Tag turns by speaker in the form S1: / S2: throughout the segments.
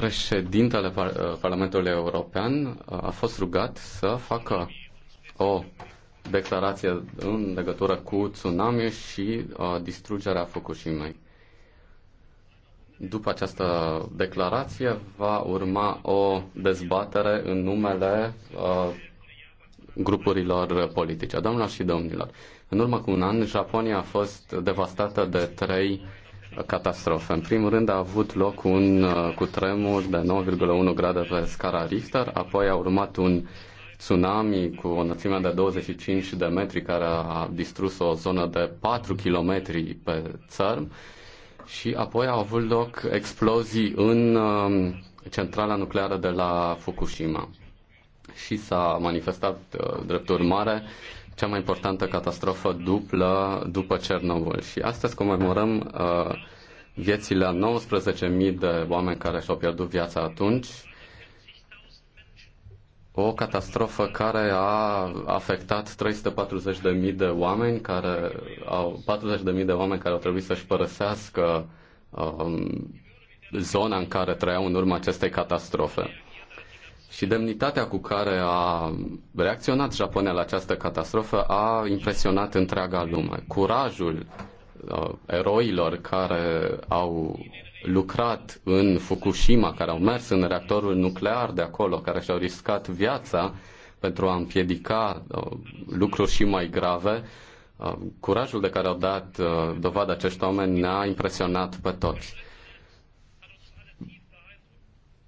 S1: Președintele Par- uh, Parlamentului European uh, a fost rugat să facă o declarație în legătură cu tsunami și uh, distrugerea Fukushima. După această declarație va urma o dezbatere în numele grupurilor politice. Doamnelor și domnilor, în urmă cu un an, Japonia a fost devastată de trei catastrofe. În primul rând a avut loc un uh, cutremur de 9,1 grade pe scara Richter, apoi a urmat un tsunami cu o înălțime de 25 de metri care a distrus o zonă de 4 km pe țărm și apoi au avut loc explozii în um, centrala nucleară de la Fukushima și s-a manifestat uh, drept urmare uh, cea mai importantă catastrofă dublă după Cernobâl. Și astăzi comemorăm uh, viețile a 19.000 de oameni care și-au pierdut viața atunci. O catastrofă care a afectat 340.000 de oameni care au 40.000 de oameni care au trebuit să-și părăsească um, zona în care trăiau în urma acestei catastrofe și demnitatea cu care a reacționat Japonia la această catastrofă a impresionat întreaga lume. Curajul uh, eroilor care au lucrat în Fukushima, care au mers în reactorul nuclear de acolo, care și-au riscat viața pentru a împiedica uh, lucruri și mai grave, uh, curajul de care au dat uh, dovadă acești oameni ne-a impresionat pe toți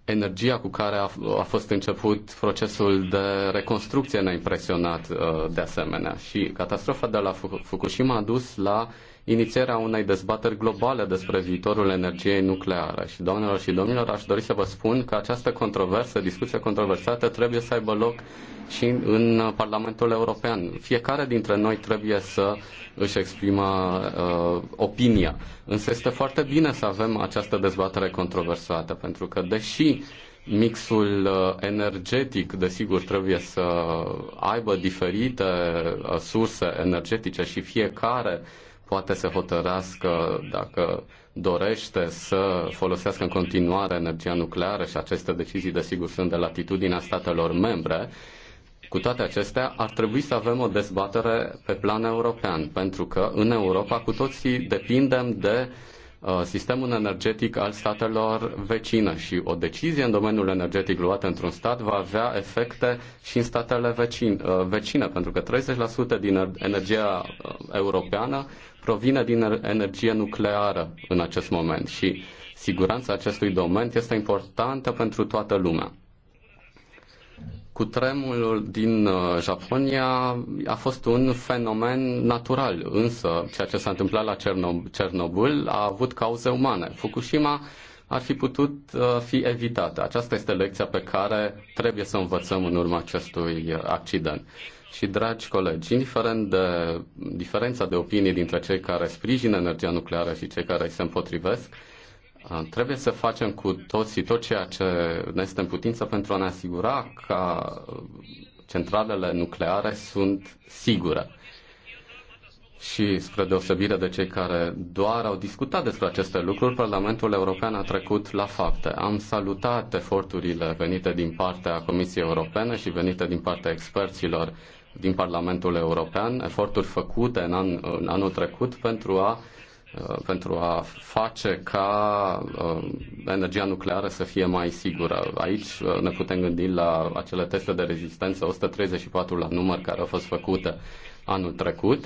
S1: energia cu care a, a fost început procesul de reconstrucție ne-a impresionat uh, de asemenea și catastrofa de la Fukushima a dus la inițierea unei dezbateri globale despre viitorul energiei nucleare. Și doamnelor și domnilor, aș dori să vă spun că această controversă, discuție controversată, trebuie să aibă loc și în Parlamentul European. Fiecare dintre noi trebuie să își exprimă uh, opinia. Însă este foarte bine să avem această dezbatere controversată, pentru că deși mixul uh, energetic, desigur, trebuie să aibă diferite uh, surse energetice și fiecare uh, poate să hotărască dacă dorește să folosească în continuare energia nucleară și aceste decizii, desigur, sunt de latitudinea statelor membre. Cu toate acestea, ar trebui să avem o dezbatere pe plan european, pentru că în Europa cu toții depindem de uh, Uh, sistemul energetic al statelor vecine și o decizie în domeniul energetic luată într-un stat va avea efecte și în statele vecine, uh, vecine pentru că 30% din er, energia uh, europeană provine din er, energie nucleară în acest moment și siguranța acestui domeniu este importantă pentru toată lumea. Cu tremurul din uh, Japonia a fost un fenomen natural, însă ceea ce s-a întâmplat la Cernobâl a avut cauze umane. Fukushima ar fi putut uh, fi evitată. Aceasta este lecția pe care trebuie să învățăm în urma acestui uh, accident. Și, dragi colegi, indiferent de diferența de opinii dintre cei care sprijină energia nucleară și cei care se împotrivesc, Trebuie să facem cu toții tot ceea ce ne este în putință pentru a ne asigura că centralele nucleare sunt sigure. Și spre deosebire de cei care doar au discutat despre aceste lucruri, Parlamentul European a trecut la fapte. Am salutat eforturile venite din partea Comisiei Europene și venite din partea experților din Parlamentul European, eforturi făcute în, an, în anul trecut pentru a Uh, pentru a face ca uh, energia nucleară să fie mai sigură. Aici uh, ne putem gândi la acele teste de rezistență, 134 la număr, care au fost făcute anul trecut.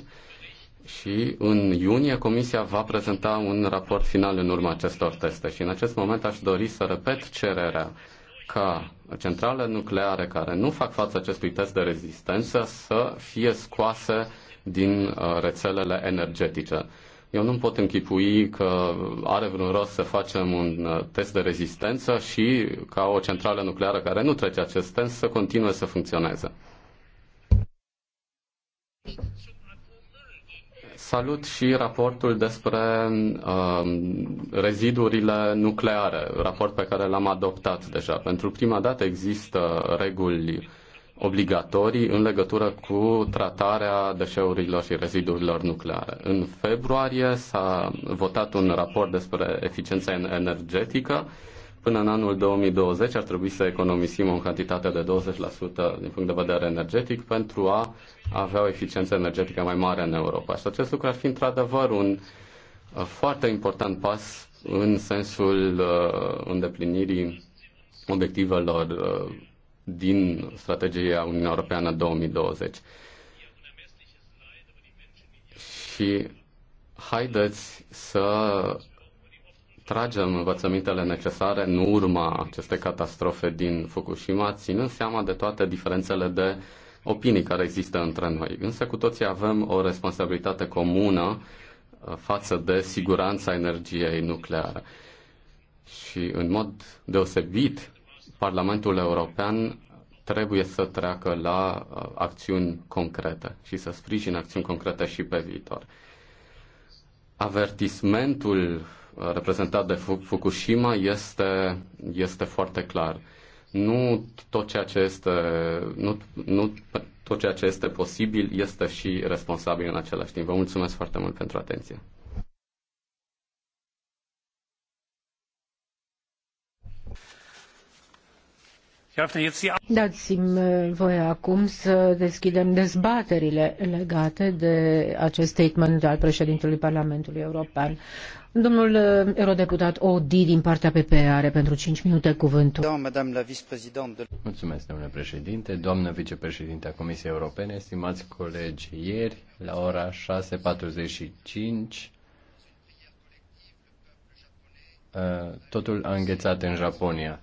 S1: Și în iunie Comisia va prezenta un raport final în urma acestor teste. Și în acest moment aș dori să repet cererea ca centrale nucleare care nu fac față acestui test de rezistență să fie scoase din rețelele energetice. Eu nu pot închipui că are vreun rost să facem un uh, test de rezistență și ca o centrală nucleară care nu trece acest test să continue să funcționeze. Salut și raportul despre uh, rezidurile nucleare, raport pe care l-am adoptat deja. Pentru prima dată există reguli obligatorii în legătură cu tratarea deșeurilor și rezidurilor nucleare. În februarie s-a votat un raport despre eficiența energetică. Până în anul 2020 ar trebui să economisim o cantitate de 20% din punct de vedere energetic pentru a avea o eficiență energetică mai mare în Europa. Și acest lucru ar fi într-adevăr un uh, foarte important pas în sensul uh, îndeplinirii obiectivelor uh, din strategia Uniunii Europeană 2020. Și haideți să tragem învățămintele necesare în urma acestei catastrofe din Fukushima, ținând seama de toate diferențele de opinii care există între noi. Însă cu toții avem o responsabilitate comună uh, față de siguranța energiei nucleare. Și în mod deosebit Parlamentul European trebuie să treacă la uh, acțiuni concrete și să sprijine acțiuni concrete și pe viitor. Avertismentul uh, reprezentat de Fukushima este, este foarte clar. Nu tot ceea ce este, nu, nu tot ceea ce este posibil este și responsabil în același timp. Vă mulțumesc foarte mult pentru atenție.
S2: Dați-mi uh, voie acum să deschidem dezbaterile legate de acest statement al președintelui Parlamentului European. Domnul uh, eurodeputat Odi din partea PPE are pentru 5 minute cuvântul.
S3: Mulțumesc, domnule președinte, doamnă vicepreședinte a Comisiei Europene, stimați colegi, ieri la ora 6.45 uh, totul a înghețat în Japonia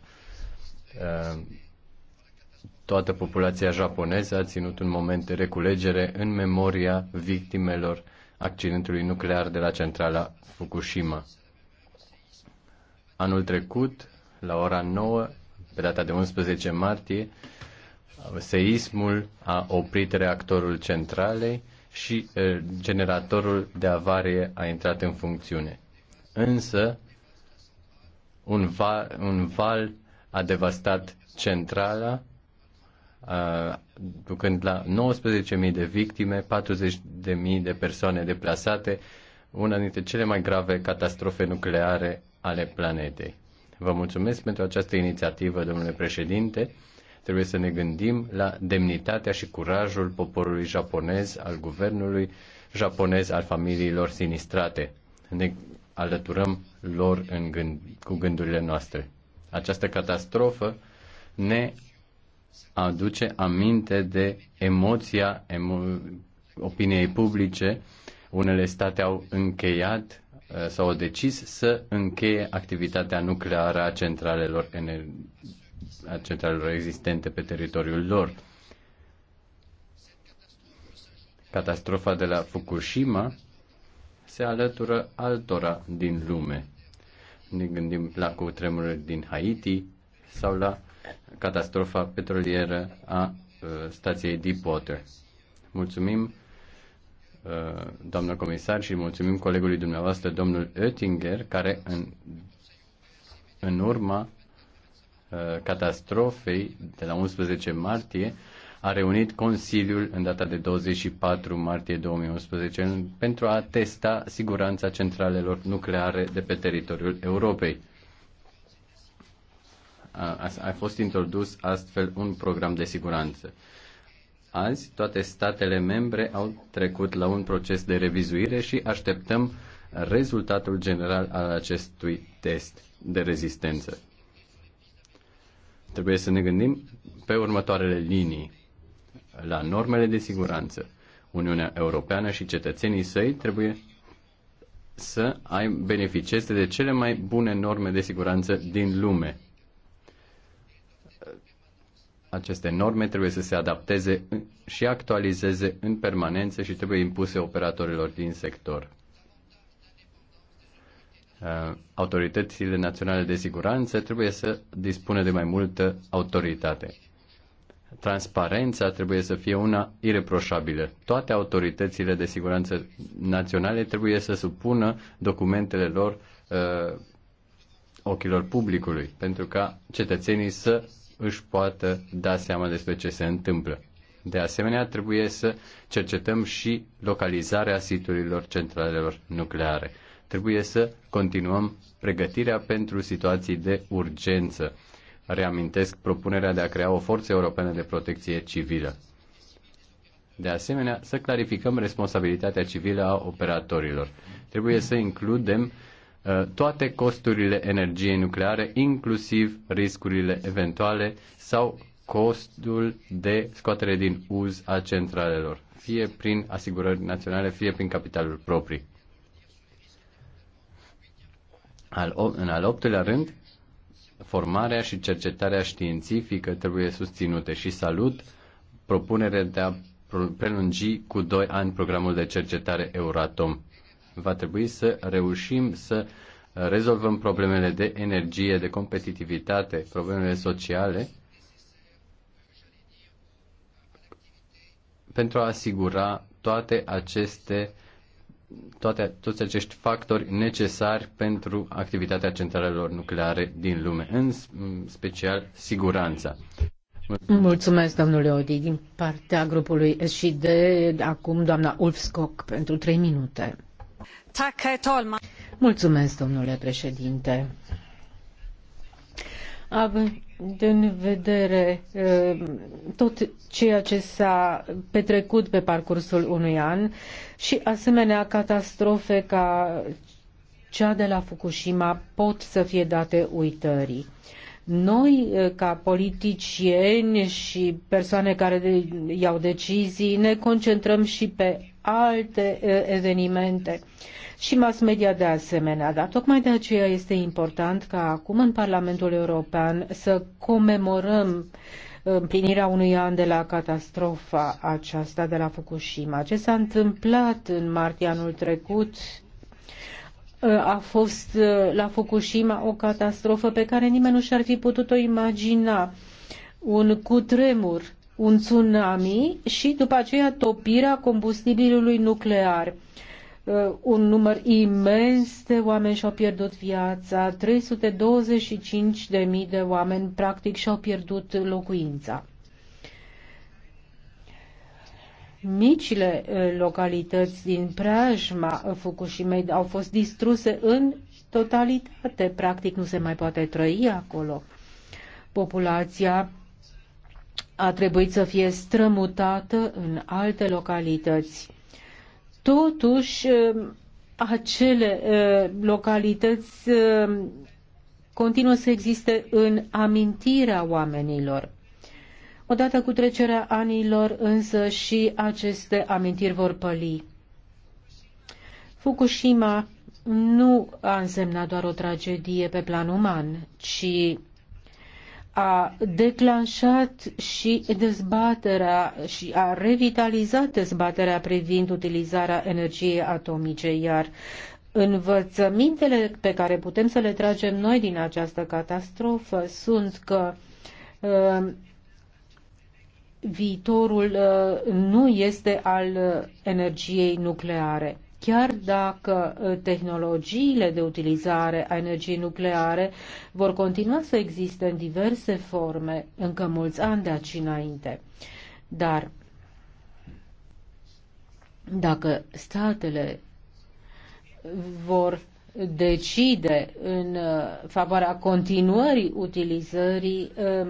S3: toată populația japoneză a ținut un moment de reculegere în memoria victimelor accidentului nuclear de la centrala Fukushima. Anul trecut, la ora 9, pe data de 11 martie, seismul a oprit reactorul centralei și eh, generatorul de avarie a intrat în funcțiune. Însă, un val, un val a devastat centrala Uh, ducând la 19.000 de victime, 40.000 de persoane deplasate, una dintre cele mai grave catastrofe nucleare ale planetei. Vă mulțumesc pentru această inițiativă, domnule președinte. Trebuie să ne gândim la demnitatea și curajul poporului japonez, al guvernului japonez, al familiilor sinistrate. Ne alăturăm lor în gând, cu gândurile noastre. Această catastrofă ne aduce aminte de emoția emo- opiniei publice. Unele state au încheiat uh, sau au decis să încheie activitatea nucleară a centralelor, a centralelor existente pe teritoriul lor. Catastrofa de la Fukushima se alătură altora din lume. Ne gândim la cutremurul din Haiti sau la catastrofa petrolieră a uh, stației Deepwater. Mulțumim, uh, doamnă comisar, și mulțumim colegului dumneavoastră, domnul Oettinger, care în, în urma uh, catastrofei de la 11 martie a reunit Consiliul în data de 24 martie 2011 pentru a testa siguranța centralelor nucleare de pe teritoriul Europei a, a fost introdus astfel un program de siguranță. Azi, toate statele membre au trecut la un proces de revizuire și așteptăm rezultatul general al acestui test de rezistență. Trebuie să ne gândim pe următoarele linii la normele de siguranță. Uniunea Europeană și cetățenii săi trebuie să ai beneficieze de cele mai bune norme de siguranță din lume. Aceste norme trebuie să se adapteze și actualizeze în permanență și trebuie impuse operatorilor din sector. Uh, autoritățile naționale de siguranță trebuie să dispună de mai multă autoritate. Transparența trebuie să fie una ireproșabilă. Toate autoritățile de siguranță naționale trebuie să supună documentele lor uh, ochilor publicului, pentru ca cetățenii să își poată da seama despre ce se întâmplă. De asemenea, trebuie să cercetăm și localizarea siturilor centralelor nucleare. Trebuie să continuăm pregătirea pentru situații de urgență. Reamintesc propunerea de a crea o forță europeană de protecție civilă. De asemenea, să clarificăm responsabilitatea civilă a operatorilor. Trebuie să includem Uh, toate costurile energiei nucleare, inclusiv riscurile eventuale sau costul de scoatere din uz a centralelor, fie prin asigurări naționale, fie prin capitalul proprii. Al, în al optulea rând, formarea și cercetarea științifică trebuie susținute și salut propunerea de a prelungi cu 2 ani programul de cercetare Euratom Va trebui să reușim să rezolvăm problemele de energie, de competitivitate, problemele sociale, pentru a asigura toate aceste toate, toți acești factori necesari pentru activitatea centralelor nucleare din lume, în special siguranța.
S2: Mulțumesc, domnule Odi. Din partea grupului SID, acum doamna Ulfskog pentru trei minute. Mulțumesc, domnule președinte. Având în vedere uh, tot ceea ce s-a petrecut pe parcursul unui an și asemenea catastrofe ca cea de la Fukushima pot să fie date uitării. Noi, uh, ca politicieni și persoane care iau decizii, ne concentrăm și pe alte evenimente și mass media de asemenea. Dar tocmai de aceea este important ca acum în Parlamentul European să comemorăm împlinirea unui an de la catastrofa aceasta de la Fukushima. Ce s-a întâmplat în martie anul trecut a fost la Fukushima o catastrofă pe care nimeni nu și-ar fi putut-o imagina. Un cutremur un tsunami și după aceea topirea combustibilului nuclear. Uh, un număr imens de oameni și-au pierdut viața, 325.000 de oameni practic și-au pierdut locuința. Micile uh, localități din preajma Fukushimei au fost distruse în totalitate, practic nu se mai poate trăi acolo. Populația a trebuit să fie strămutată în alte localități. Totuși, eh, acele eh, localități eh, continuă să existe în amintirea oamenilor. Odată cu trecerea anilor, însă, și aceste amintiri vor păli. Fukushima nu a însemnat doar o tragedie pe plan uman, ci a declanșat și dezbaterea și a revitalizat dezbaterea privind utilizarea energiei atomice, iar învățămintele pe care putem să le tragem noi din această catastrofă sunt că uh, viitorul uh, nu este al uh, energiei nucleare. Chiar dacă ă, tehnologiile de utilizare a energiei nucleare vor continua să existe în diverse forme încă mulți ani de aici înainte. Dar dacă statele vor decide în ă, favoarea continuării utilizării, ă,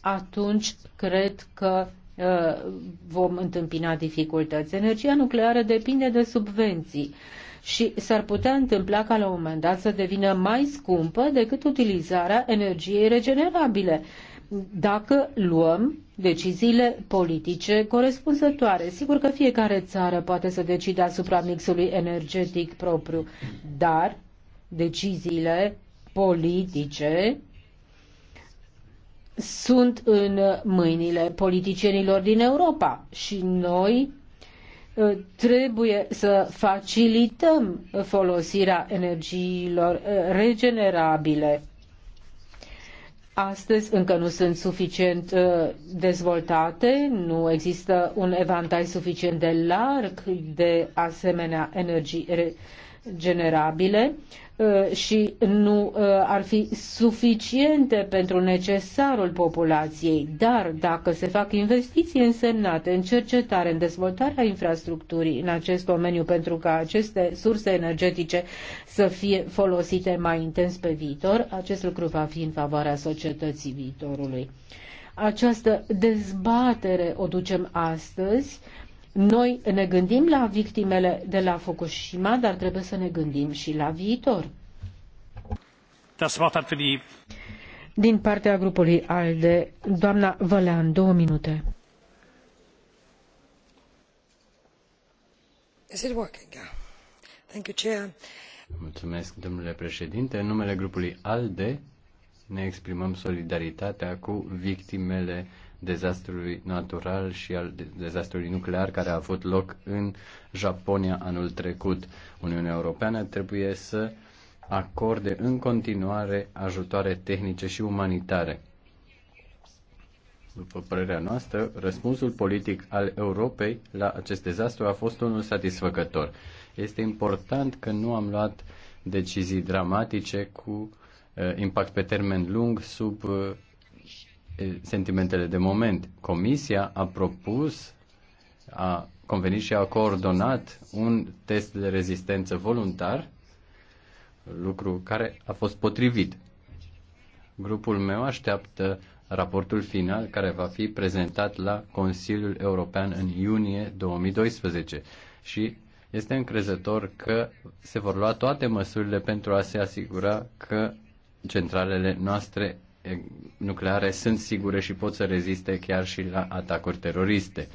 S2: atunci cred că Uh, vom întâmpina dificultăți. Energia nucleară depinde de subvenții și s-ar putea întâmpla ca la un moment dat să devină mai scumpă decât utilizarea energiei regenerabile dacă luăm deciziile politice corespunzătoare. Sigur că fiecare țară poate să decide asupra mixului energetic propriu, dar deciziile politice sunt în mâinile politicienilor din Europa și noi uh, trebuie să facilităm folosirea energiilor uh, regenerabile. Astăzi încă nu sunt suficient uh, dezvoltate, nu există un evantai suficient de larg de asemenea energii regenerabile Uh, și nu uh, ar fi suficiente pentru necesarul populației, dar dacă se fac investiții însemnate în cercetare, în dezvoltarea infrastructurii în acest domeniu pentru ca aceste surse energetice să fie folosite mai intens pe viitor, acest lucru va fi în favoarea societății viitorului. Această dezbatere o ducem astăzi noi ne gândim la victimele de la Fukushima, dar trebuie să ne gândim și la viitor. Din partea grupului ALDE, doamna Vălean, două minute.
S3: Is it working? Thank you, Chair. Mulțumesc, domnule președinte. În numele grupului ALDE ne exprimăm solidaritatea cu victimele dezastrului natural și al dezastrului nuclear care a avut loc în Japonia anul trecut. Uniunea Europeană trebuie să acorde în continuare ajutoare tehnice și umanitare. După părerea noastră, răspunsul politic al Europei la acest dezastru a fost unul satisfăcător. Este important că nu am luat decizii dramatice cu eh, impact pe termen lung sub eh, Eh, sentimentele de moment. Comisia a propus, a convenit și a coordonat un test de rezistență voluntar, lucru care a fost potrivit. Grupul meu așteaptă raportul final care va fi prezentat la Consiliul European în iunie 2012 și este încrezător că se vor lua toate măsurile pentru a se asigura că centralele noastre nucleare sunt sigure și pot să reziste chiar și la atacuri teroriste.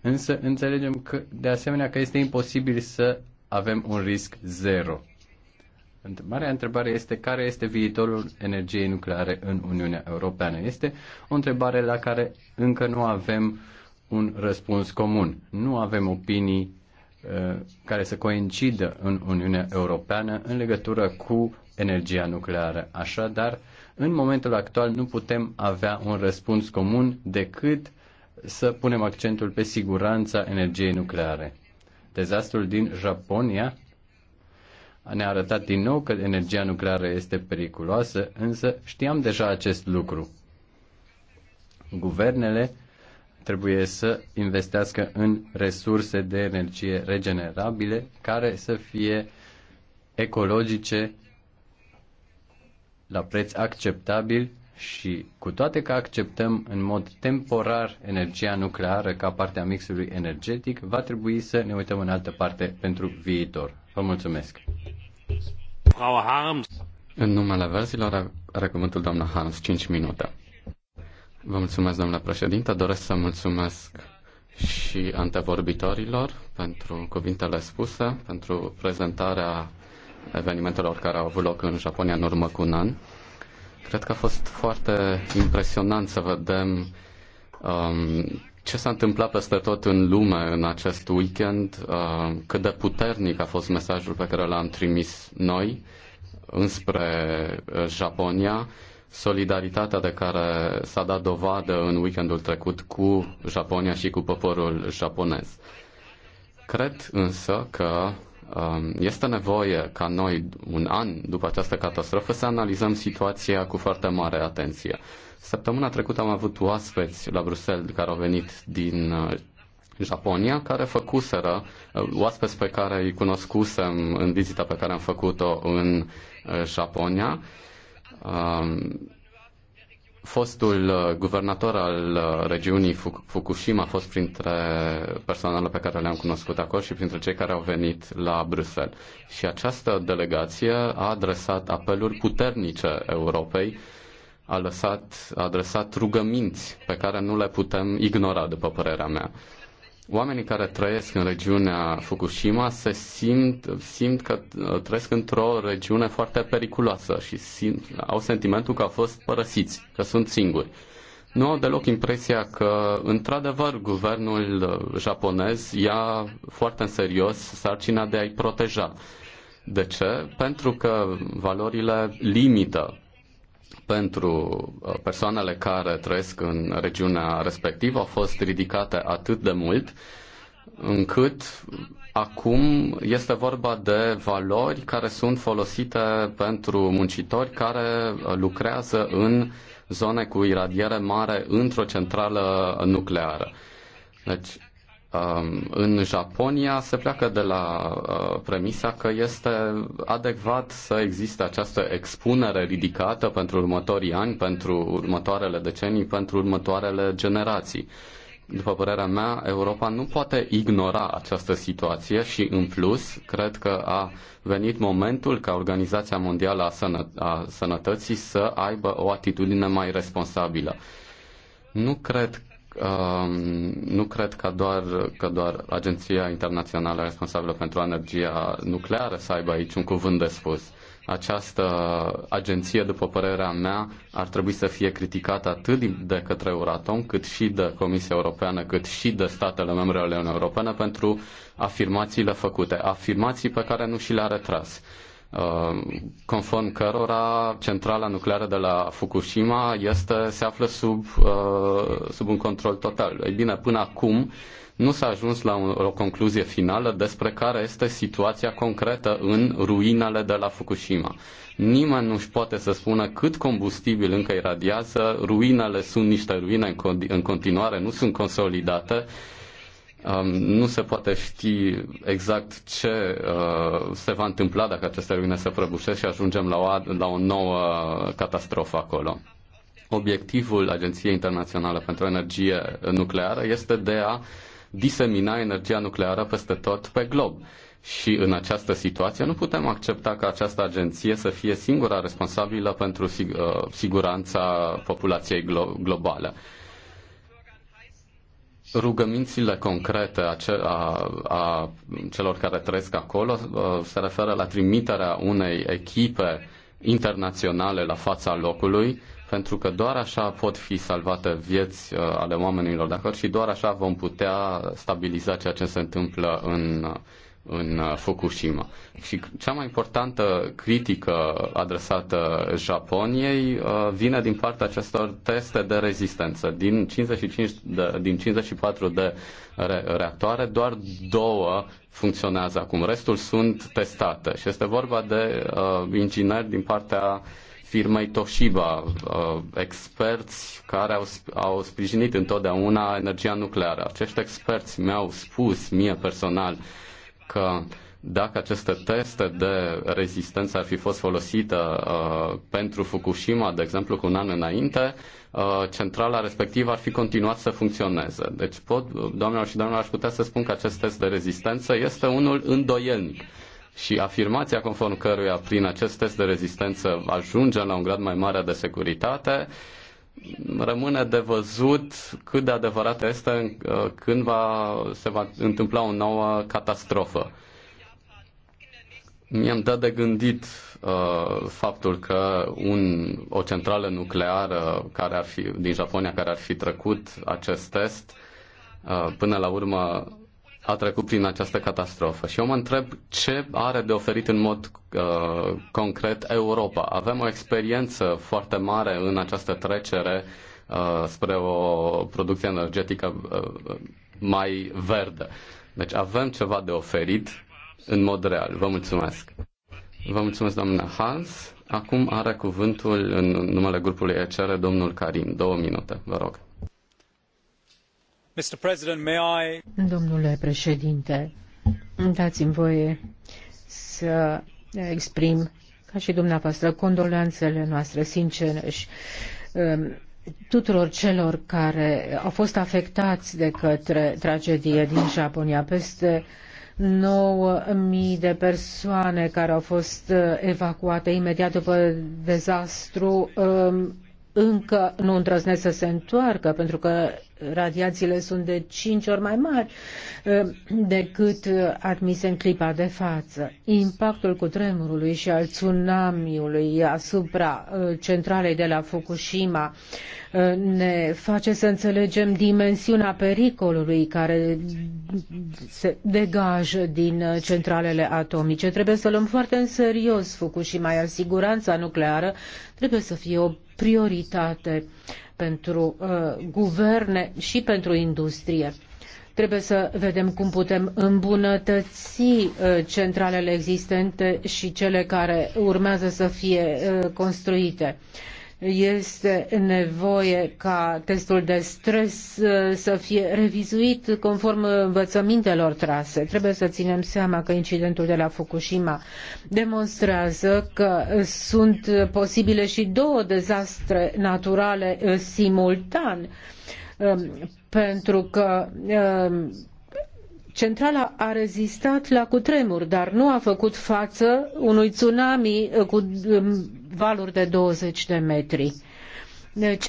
S3: Însă înțelegem că, de asemenea că este imposibil să avem un risc zero. Marea întrebare este care este viitorul energiei nucleare în Uniunea Europeană. Este o întrebare la care încă nu avem un răspuns comun. Nu avem opinii uh, care să coincidă în Uniunea Europeană în legătură cu energia nucleară. Așadar, uh, în momentul actual nu putem avea un răspuns comun decât să punem accentul pe siguranța energiei nucleare. Dezastrul din Japonia ne-a arătat din nou că energia nucleară este periculoasă, însă știam deja acest lucru. Guvernele trebuie să investească în resurse de energie regenerabile care să fie ecologice la preț acceptabil și cu toate că acceptăm în mod temporar energia nucleară ca parte a mixului energetic, va trebui să ne uităm în altă parte pentru viitor. Vă mulțumesc! Frau Harms.
S1: În numele verzilor are cuvântul doamna Hans, 5 minute. Vă mulțumesc, doamna președinte. Doresc să mulțumesc și antevorbitorilor pentru cuvintele spuse, pentru prezentarea evenimentelor care au avut loc în Japonia în urmă cu un an. Cred că a fost foarte impresionant să vedem um, ce s-a întâmplat peste tot în lume în acest weekend, uh, cât de puternic a fost mesajul pe care l-am trimis noi înspre uh, Japonia, solidaritatea de care s-a dat dovadă în weekendul trecut cu Japonia și cu poporul japonez. Cred însă că Um, este nevoie ca noi, un an după această catastrofă, să analizăm situația cu foarte mare atenție. Săptămâna trecută am avut oaspeți la Bruxelles care au venit din uh, Japonia, care făcuseră, uh, oaspeți pe care îi cunoscusem în vizita pe care am făcut-o în uh, Japonia, um, Fostul uh, guvernator al uh, regiunii Fukushima a fost printre persoanele pe care le-am cunoscut acolo și printre cei care au venit la Bruxelles. Și această delegație a adresat apeluri puternice Europei, a, lăsat, a adresat rugăminți pe care nu le putem ignora, după părerea mea. Oamenii care trăiesc în regiunea Fukushima se simt, simt că uh, trăiesc într-o regiune foarte periculoasă și simt, au sentimentul că au fost părăsiți, că sunt singuri. Nu au deloc impresia că, într-adevăr, guvernul uh, japonez ia foarte în serios sarcina de a-i proteja. De ce? Pentru că valorile limită pentru uh, persoanele care trăiesc în regiunea respectivă au fost ridicate atât de mult încât acum este vorba de valori care sunt folosite pentru muncitori care lucrează în zone cu iradiere mare într-o centrală nucleară. Deci Um, în Japonia se pleacă de la uh, premisa că este adecvat să existe această expunere ridicată pentru următorii ani, pentru următoarele decenii, pentru următoarele generații. După părerea mea, Europa nu poate ignora această situație și, în plus, cred că a venit momentul ca Organizația Mondială a, Sănă- a Sănătății să aibă o atitudine mai responsabilă. Nu cred Um, nu cred că doar, că doar Agenția Internațională responsabilă pentru energia nucleară să aibă aici un cuvânt de spus. Această agenție, după părerea mea, ar trebui să fie criticată atât de către Euratom, cât și de Comisia Europeană, cât și de statele membre ale Uniunii Europene pentru afirmațiile făcute, afirmații pe care nu și le-a retras. Uh, conform cărora centrala nucleară de la Fukushima este, se află sub, uh, sub un control total. Ei bine, până acum nu s-a ajuns la o concluzie finală despre care este situația concretă în ruinele de la Fukushima. Nimeni nu își poate să spună cât combustibil încă iradiază, ruinele sunt niște ruine în continuare, nu sunt consolidate Um, nu se poate ști exact ce uh, se va întâmpla dacă aceste ruine se prăbușesc și ajungem la o, la o nouă catastrofă acolo. Obiectivul Agenției Internaționale pentru Energie Nucleară este de a disemina energia nucleară peste tot pe glob. Și în această situație nu putem accepta ca această agenție să fie singura responsabilă pentru sig- uh, siguranța populației glo- globale rugămințile concrete a, ce, a, a celor care trăiesc acolo uh, se referă la trimiterea unei echipe internaționale la fața locului, pentru că doar așa pot fi salvate vieți uh, ale oamenilor de acolo și doar așa vom putea stabiliza ceea ce se întâmplă în în uh, Fukushima. Și cea mai importantă critică adresată Japoniei uh, vine din partea acestor teste de rezistență. Din, 55 de, din 54 de reactoare, doar două funcționează acum. Restul sunt testate și este vorba de uh, ingineri din partea firmei Toshiba, uh, experți care au, au sprijinit întotdeauna energia nucleară. Acești experți mi-au spus mie personal uh, că dacă aceste teste de rezistență ar fi fost folosite uh, pentru Fukushima, de exemplu, cu un an înainte, uh, centrala respectivă ar fi continuat să funcționeze. Deci, pot, doamnelor și doamnelor, aș putea să spun că acest test de rezistență este unul îndoielnic. Și afirmația conform căruia prin acest test de rezistență ajunge la un grad mai mare de securitate uh, rămâne de văzut cât de adevărat este uh, când va, se va întâmpla o nouă catastrofă. Mi-am dat de gândit uh, faptul că un, o centrală nucleară care ar fi, din Japonia care ar fi trecut acest test, uh, până la urmă a trecut prin această catastrofă. Și eu mă întreb ce are de oferit în mod uh, concret Europa. Avem o experiență foarte mare în această trecere uh, spre o producție energetică uh, mai verde. Deci avem ceva de oferit în mod real. Vă mulțumesc. Vă mulțumesc, doamna Hans. Acum are cuvântul în numele grupului ECR domnul Karim. Două minute, vă rog.
S2: Domnule președinte, dați-mi voie să exprim ca și dumneavoastră condoleanțele noastre sincere și um, tuturor celor care au fost afectați de către tragedie din Japonia. Peste 9.000 de persoane care au fost uh, evacuate imediat după dezastru um, încă nu îndrăznesc să se întoarcă, pentru că radiațiile sunt de 5 ori mai mari eh, decât eh, admise în clipa de față. Impactul cu tremurului și al tsunamiului asupra eh, centralei de la Fukushima ne face să înțelegem dimensiunea pericolului care se degajă din centralele atomice. Trebuie să luăm foarte în serios Fukushima, iar siguranța nucleară trebuie să fie o prioritate pentru uh, guverne și pentru industrie. Trebuie să vedem cum putem îmbunătăți uh, centralele existente și cele care urmează să fie uh, construite. Uh, este nevoie ca testul de stres uh, să fie revizuit conform învățămintelor trase. Trebuie să ținem seama că incidentul de la Fukushima demonstrează că sunt posibile și două dezastre naturale uh, simultan um, pentru că um, centrala a rezistat la cutremur, dar nu a făcut față unui tsunami uh, cu um, valuri de 20 de metri. Deci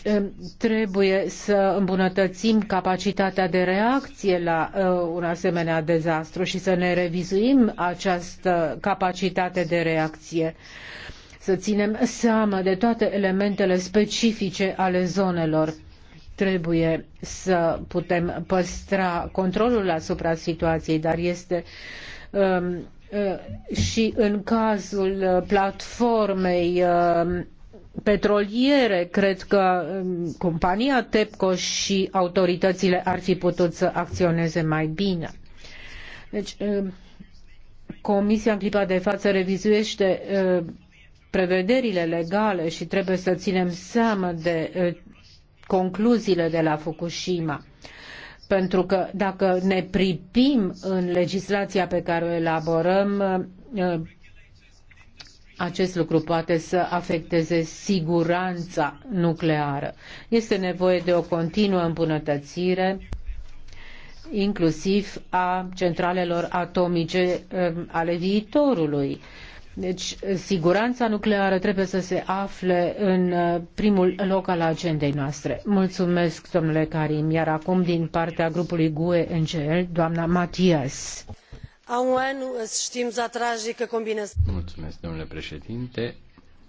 S2: trebuie să îmbunătățim capacitatea de reacție la uh, un asemenea dezastru și să ne revizuim această capacitate de reacție. Să ținem seama de toate elementele specifice ale zonelor. Trebuie să putem păstra controlul asupra situației, dar este Uh, Uh, și în cazul uh, platformei uh, petroliere, cred că um, compania TEPCO și autoritățile ar fi putut să acționeze mai bine. Deci, Comisia în clipa de față revizuiește prevederile legale și trebuie să ținem seama de concluziile de la Fukushima pentru că dacă ne pripim în legislația pe care o elaborăm, ă, acest lucru poate să afecteze siguranța nucleară. Este nevoie de o continuă îmbunătățire inclusiv a centralelor atomice ă, ale viitorului. Deci, siguranța nucleară trebuie să se afle în uh, primul loc al agendei noastre. Mulțumesc, domnule Karim. Iar acum, din partea grupului GUE-NGL, doamna Matias.
S3: Mulțumesc, domnule președinte.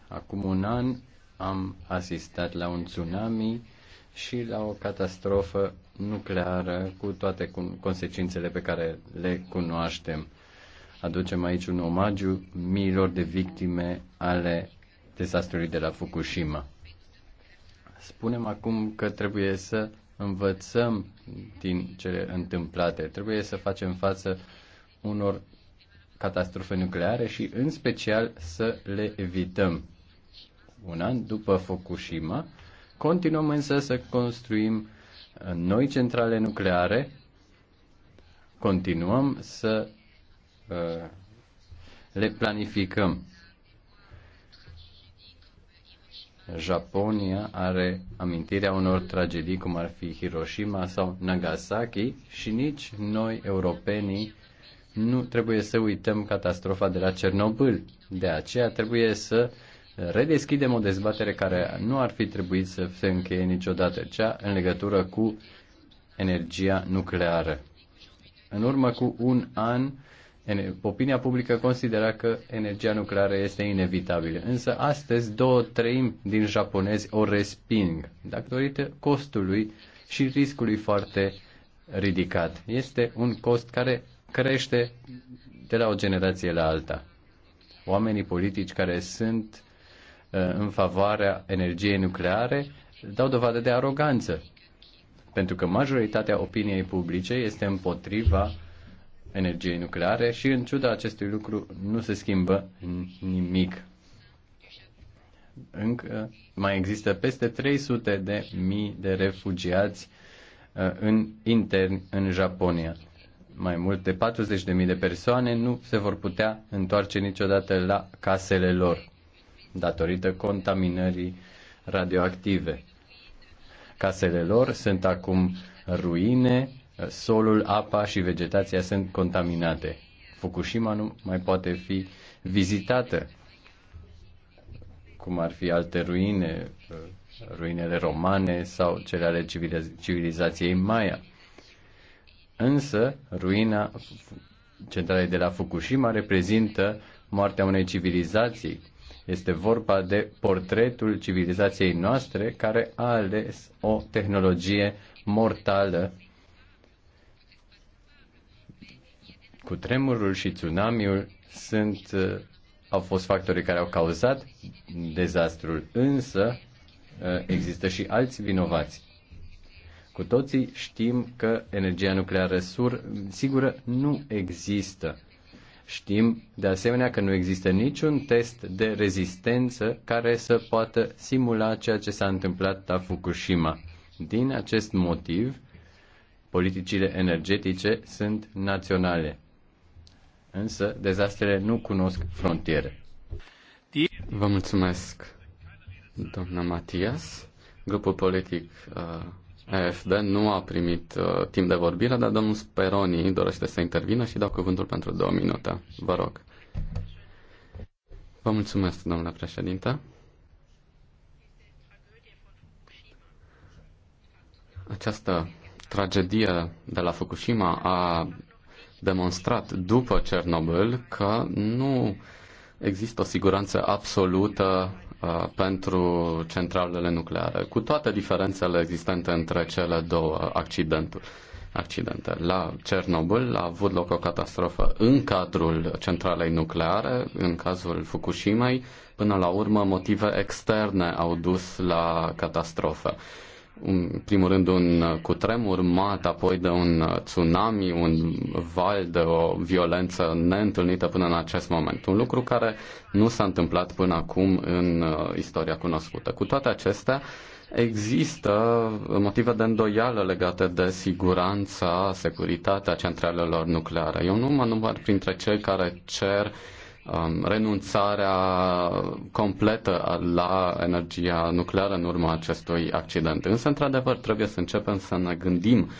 S3: Acum un an am asistat la un tsunami și la o catastrofă nucleară cu toate consecințele pe care le cunoaștem aducem aici un omagiu miilor de victime ale dezastrului de la Fukushima. Spunem acum că trebuie să învățăm din cele întâmplate. Trebuie să facem față unor catastrofe nucleare și, în special, să le evităm. Un an după Fukushima, continuăm însă să construim uh, noi centrale nucleare, continuăm să Uh, le planificăm. Japonia are amintirea unor tragedii cum ar fi Hiroshima sau Nagasaki și nici noi, europenii, nu trebuie să uităm catastrofa de la Cernobâl. De aceea trebuie să redeschidem o dezbatere care nu ar fi trebuit să se încheie niciodată, cea în legătură cu energia nucleară. În urmă cu un an, Opinia publică considera că energia nucleară este inevitabilă, însă astăzi două treimi din japonezi o resping datorită costului și riscului foarte ridicat. Este un cost care crește de la o generație la alta. Oamenii politici care sunt uh, în favoarea energiei nucleare dau dovadă de aroganță, pentru că majoritatea opiniei publice este împotriva uh, energiei nucleare și în ciuda acestui lucru nu se schimbă nimic. Încă mai există peste 300 de mii de refugiați uh, în intern în Japonia. Mai mult de 40 de mii de persoane nu se vor putea întoarce niciodată la casele lor datorită contaminării radioactive. Casele lor sunt acum ruine solul, apa și vegetația sunt contaminate. Fukushima nu mai poate fi vizitată, cum ar fi alte ruine, ruinele romane sau cele ale civilizației Maya. Însă, ruina centralei de la Fukushima reprezintă moartea unei civilizații. Este vorba de portretul civilizației noastre care a ales o tehnologie mortală Cu tremurul și tsunamiul sunt, uh, au fost factorii care au cauzat dezastrul, însă uh, există și alți vinovați. Cu toții știm că energia nucleară sur, sigură nu există. Știm de asemenea că nu există niciun test de rezistență care să poată simula ceea ce s-a întâmplat la Fukushima. Din acest motiv, politicile energetice sunt naționale. Însă, dezastrele nu cunosc frontiere. Vă mulțumesc, doamna Matias. Grupul
S1: politic uh, AFD nu a primit uh, timp de vorbire, dar domnul Speroni dorește să intervină și dau cuvântul pentru două minute. Vă rog. Vă mulțumesc, domnule președinte. Această tragedie de la Fukushima a demonstrat după Cernobâl că nu există o siguranță absolută uh, pentru centralele nucleare, cu toate diferențele existente între cele două accidenturi. Accidente. La Cernobâl a avut loc o catastrofă în cadrul centralei nucleare, în cazul Fukushimei. Până la urmă, motive externe au dus la catastrofă în primul rând un cutremur mat, apoi de un tsunami, un val de o violență neîntâlnită până în acest moment. Un lucru care nu s-a întâmplat până acum în uh, istoria cunoscută. Cu toate acestea, Există motive de îndoială legate de siguranța, securitatea centralelor nucleare. Eu nu mă număr printre cei care cer uh, Um, renunțarea completă la energia nucleară în urma acestui accident. Însă, într-adevăr, trebuie să începem să ne gândim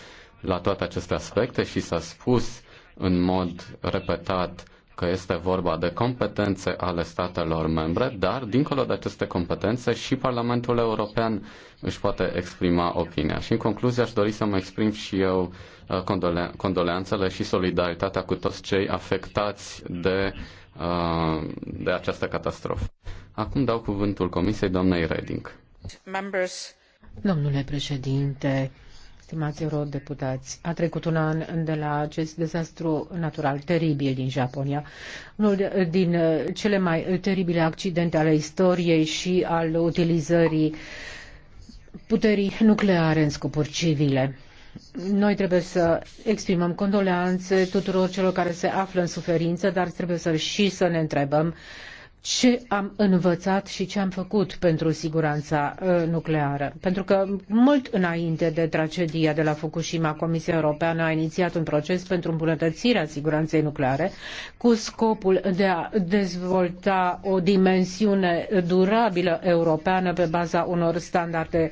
S1: la toate aceste aspecte și s-a spus în mod repetat că este vorba de competențe ale statelor membre, dar dincolo de aceste competențe și Parlamentul European își poate exprima opinia. Și în concluzie aș dori să mă exprim și eu uh, condole- condoleanțele și solidaritatea cu toți cei afectați de uh, Uh, de această catastrofă. Acum dau cuvântul Comisiei doamnei Reding.
S2: Members. Domnule președinte, stimați eurodeputați, a trecut un an de la acest dezastru natural teribil din Japonia, unul din cele mai teribile accidente ale istoriei și al utilizării puterii nucleare în scopuri civile. Noi trebuie să exprimăm condoleanțe tuturor celor care se află în suferință, dar trebuie să și să ne întrebăm ce am învățat și ce am făcut pentru siguranța uh, nucleară. Pentru că mult înainte de tragedia de la Fukushima, Comisia Europeană a inițiat un proces pentru îmbunătățirea siguranței nucleare cu scopul de a dezvolta o dimensiune durabilă europeană pe baza unor standarde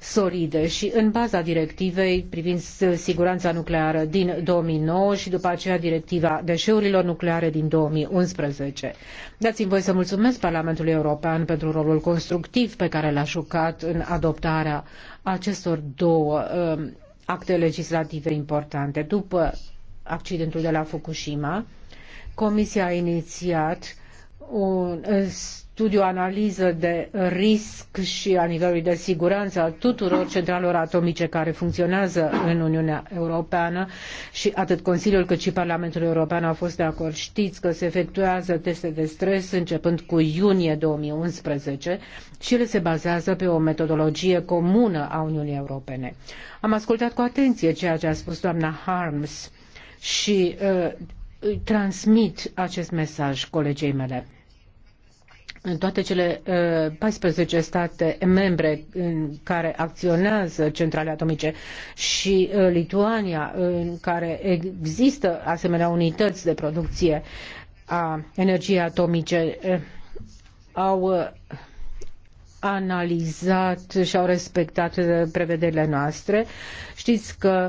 S2: solide și în baza directivei privind siguranța nucleară din 2009 și după aceea directiva deșeurilor nucleare din 2011. Dați-mi voi să mulțumesc Parlamentului European pentru rolul constructiv pe care l-a jucat în adoptarea acestor două uh, acte legislative importante. După accidentul de la Fukushima, Comisia a inițiat un uh, studiu, analiză de risc și a nivelului de siguranță al tuturor centralelor atomice care funcționează în Uniunea Europeană și atât Consiliul cât și Parlamentul European au fost de acord. Știți că se efectuează teste de stres începând cu iunie 2011 și ele se bazează pe o metodologie comună a Uniunii Europene. Am ascultat cu atenție ceea ce a spus doamna Harms și uh, transmit acest mesaj colegei mele în toate cele 14 uh, state membre în care acționează centrale atomice și uh, Lituania, în care există asemenea unități de producție a energiei atomice, uh, au analizat și au respectat prevederile noastre. Știți că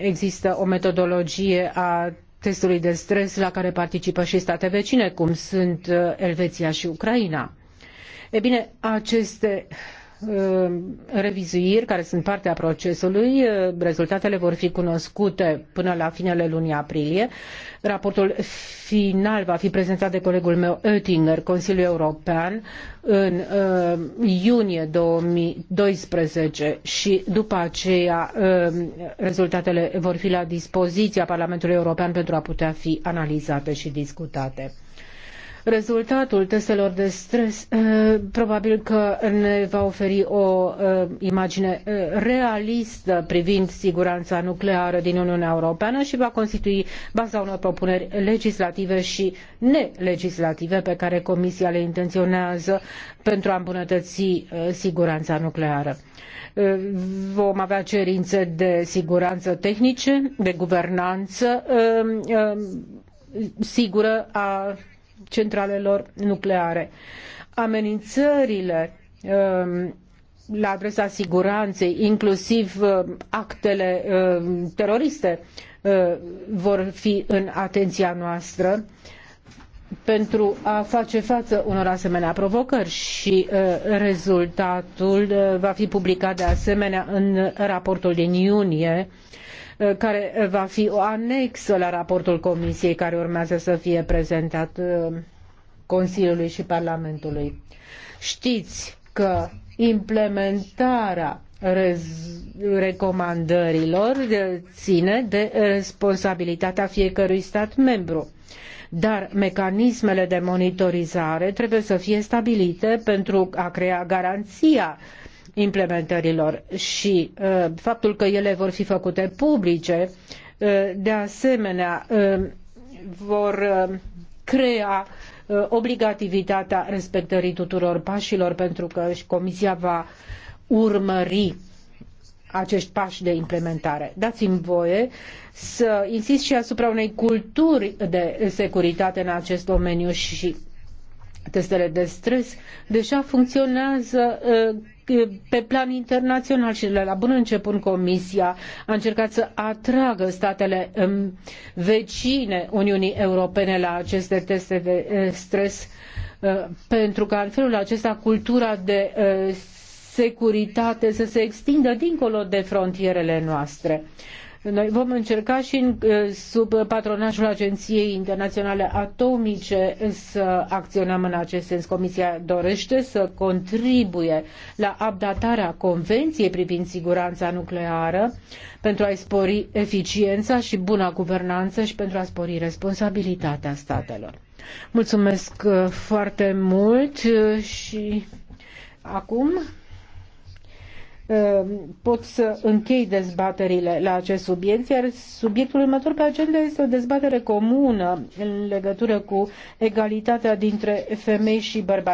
S2: există o metodologie a testului de stres la care participă și state vecine, cum sunt uh, Elveția și Ucraina. E bine, aceste Uh, revizuiri care sunt parte a procesului. Uh, rezultatele vor fi cunoscute până la finele lunii aprilie. Raportul final va fi prezentat de colegul meu Oettinger, Consiliul European, în uh, iunie 2012 și după aceea rezultatele vor fi la dispoziția Parlamentului European pentru a putea fi analizate și discutate rezultatul testelor de stres eh, probabil că ne va oferi o eh, imagine eh, realistă privind siguranța nucleară din Uniunea Europeană și va constitui baza unor propuneri legislative și nelegislative pe care Comisia le intenționează pentru a îmbunătăți siguranța nucleară. Vom avea cerințe de siguranță tehnice, de guvernanță sigură a centralelor nucleare. Amenințările um, la adresa siguranței, inclusiv uh, actele uh, teroriste, uh, vor fi în atenția noastră pentru a face față unor asemenea provocări și rezultatul va fi publicat de asemenea în raportul din iunie Eh, care va fi o anexă la raportul Comisiei care urmează să fie prezentat eh, Consiliului și Parlamentului. Știți că implementarea recomandărilor ține de responsabilitatea fiecărui stat membru. Dar mecanismele de monitorizare trebuie să fie stabilite pentru a crea garanția uh, implementărilor și uh, faptul că ele vor fi făcute publice, uh, de asemenea, uh, vor crea obligativitatea respectării tuturor pașilor, pentru că și Comisia va urmări acești pași de implementare. Dați-mi voie să insist și asupra unei culturi de securitate în acest domeniu și testele de stres deja funcționează uh, pe plan internațional și de la bun început Comisia a încercat să atragă statele um, vecine Uniunii Europene la aceste teste de uh, stres uh, pentru că în felul acesta cultura de securitate să se extindă dincolo de frontierele noastre. Noi vom încerca și în, uh, sub patronajul Agenției Internaționale Atomice să acționăm în acest sens. Comisia dorește să contribuie la updatarea Convenției privind siguranța nucleară pentru a-i spori eficiența și buna guvernanță și pentru a spori responsabilitatea statelor. Mulțumesc uh, foarte mult uh, și acum Ehm, pot să închei dezbaterile la acest subiect, iar subiectul următor pe agenda este o dezbatere comună în legătură cu egalitatea dintre femei și bărbați.